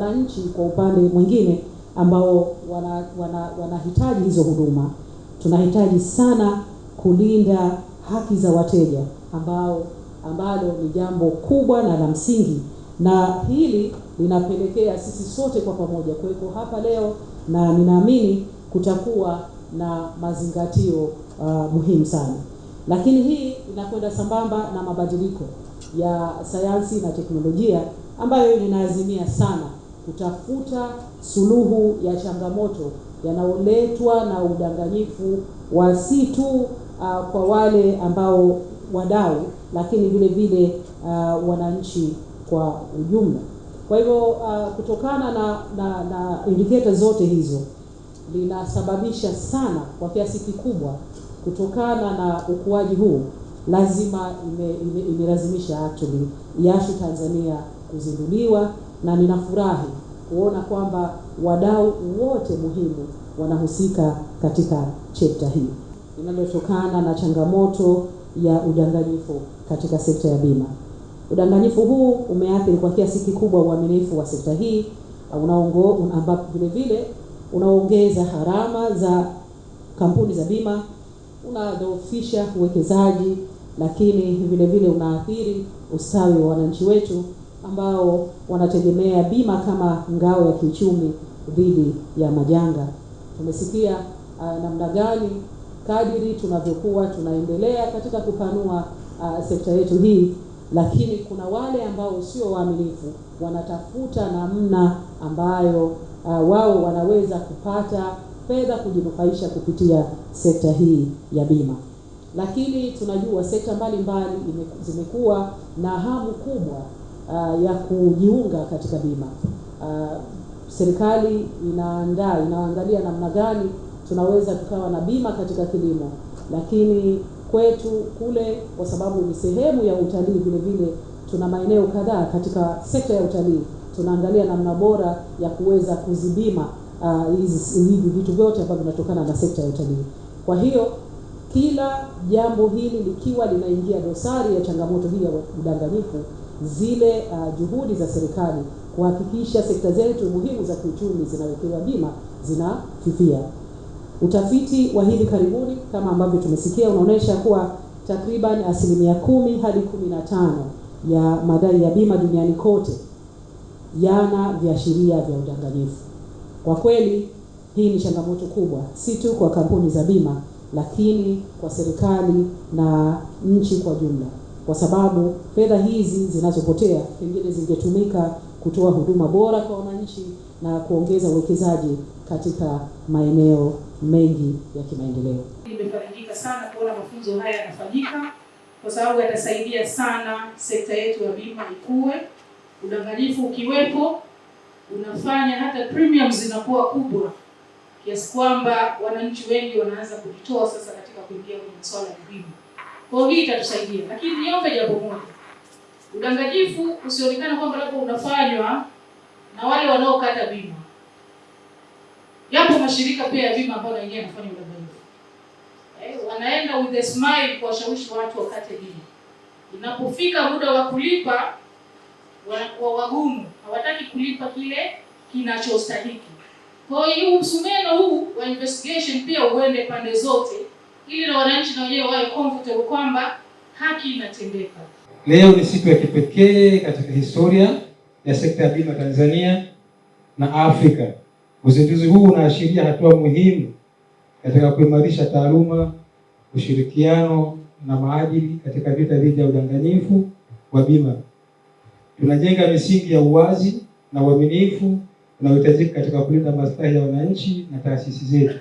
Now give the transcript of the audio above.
wananchi kwa upande mwingine ambao wanahitaji wana, wana hizo huduma. Tunahitaji sana kulinda haki za wateja ambao ambalo ni jambo kubwa na la msingi, na hili linapelekea sisi sote kwa pamoja kuweko hapa leo, na ninaamini kutakuwa na mazingatio uh, muhimu sana. Lakini hii inakwenda sambamba na mabadiliko ya sayansi na teknolojia ambayo ninaazimia sana kutafuta suluhu ya changamoto yanayoletwa na udanganyifu wa si tu uh, kwa wale ambao wadau, lakini vile vile uh, wananchi kwa ujumla. Kwa hivyo uh, kutokana na, na, na indicator zote hizo linasababisha sana kwa kiasi kikubwa, kutokana na ukuaji huu lazima imelazimisha ime, ime actually IASU Tanzania kuzinduliwa na ninafurahi kuona kwamba wadau wote muhimu wanahusika katika chapter hii inayotokana na changamoto ya udanganyifu katika sekta ya bima. Udanganyifu huu umeathiri kwa kiasi kikubwa uaminifu wa sekta hii unaongo, ambapo vile vile unaongeza gharama za kampuni za bima, unadhoofisha uwekezaji, lakini vile vile unaathiri ustawi wa wananchi wetu ambao wanategemea bima kama ngao ya kiuchumi dhidi ya majanga. Tumesikia uh, namna gani kadiri tunavyokuwa tunaendelea katika kupanua uh, sekta yetu hii, lakini kuna wale ambao sio waaminifu, wanatafuta namna ambayo uh, wao wanaweza kupata fedha kujinufaisha kupitia sekta hii ya bima. Lakini tunajua sekta mbalimbali zimekuwa na hamu kubwa uh, ya kujiunga katika bima. Uh, serikali inaandaa inaangalia namna gani tunaweza tukawa na bima katika kilimo, lakini kwetu kule, kwa sababu ni sehemu ya utalii vile vile, tuna maeneo kadhaa katika sekta ya utalii, tunaangalia namna bora ya kuweza kuzibima uh, hivi uh, vitu vyote ambavyo vinatokana na sekta ya utalii. Kwa hiyo kila jambo hili likiwa linaingia dosari ya changamoto hii ya udanganyifu zile uh, juhudi za serikali kuhakikisha sekta zetu muhimu za kiuchumi zinawekewa bima zinafifia. Utafiti wa hivi karibuni kama ambavyo tumesikia unaonyesha kuwa takriban asilimia kumi hadi kumi na tano ya madai ya bima duniani kote yana viashiria vya udanganyifu. Kwa kweli hii ni changamoto kubwa, si tu kwa kampuni za bima, lakini kwa serikali na nchi kwa jumla kwa sababu fedha hizi zinazopotea pengine zingetumika kutoa huduma bora kwa wananchi na kuongeza uwekezaji katika maeneo mengi ya kimaendeleo. Nimefarijika sana kuona mafunzo haya yanafanyika kwa sababu yatasaidia sana sekta yetu ya bima ikue. Udanganyifu ukiwepo unafanya hata premium zinakuwa kubwa kiasi kwamba wananchi wengi wanaanza kujitoa sasa katika kuingia kwenye masuala ya bima. Kwa hii itatusaidia, lakini niombe jambo moja, udanganyifu usionekane kwamba labda unafanywa na wale wanaokata bima. Yapo mashirika pia ya bima ambayo na yenyewe yanafanya udanganyifu eh, wanaenda with the smile kuwashawishi watu wakate bima, inapofika muda wa kulipa wanakuwa wagumu, hawataki kulipa kile kinachostahiki. Kwa hiyo msumeno huu wa investigation pia uende pande zote ili na wananchi na wenyewe wawe comfortable kwamba haki inatendeka. Leo ni siku ya kipekee katika historia ya sekta ya bima Tanzania na Afrika. Uzinduzi huu unaashiria hatua muhimu katika kuimarisha taaluma, ushirikiano na maadili katika vita dhidi ya udanganyifu wa bima. Tunajenga misingi ya uwazi na uaminifu unaohitajika katika kulinda maslahi ya wananchi na taasisi zetu.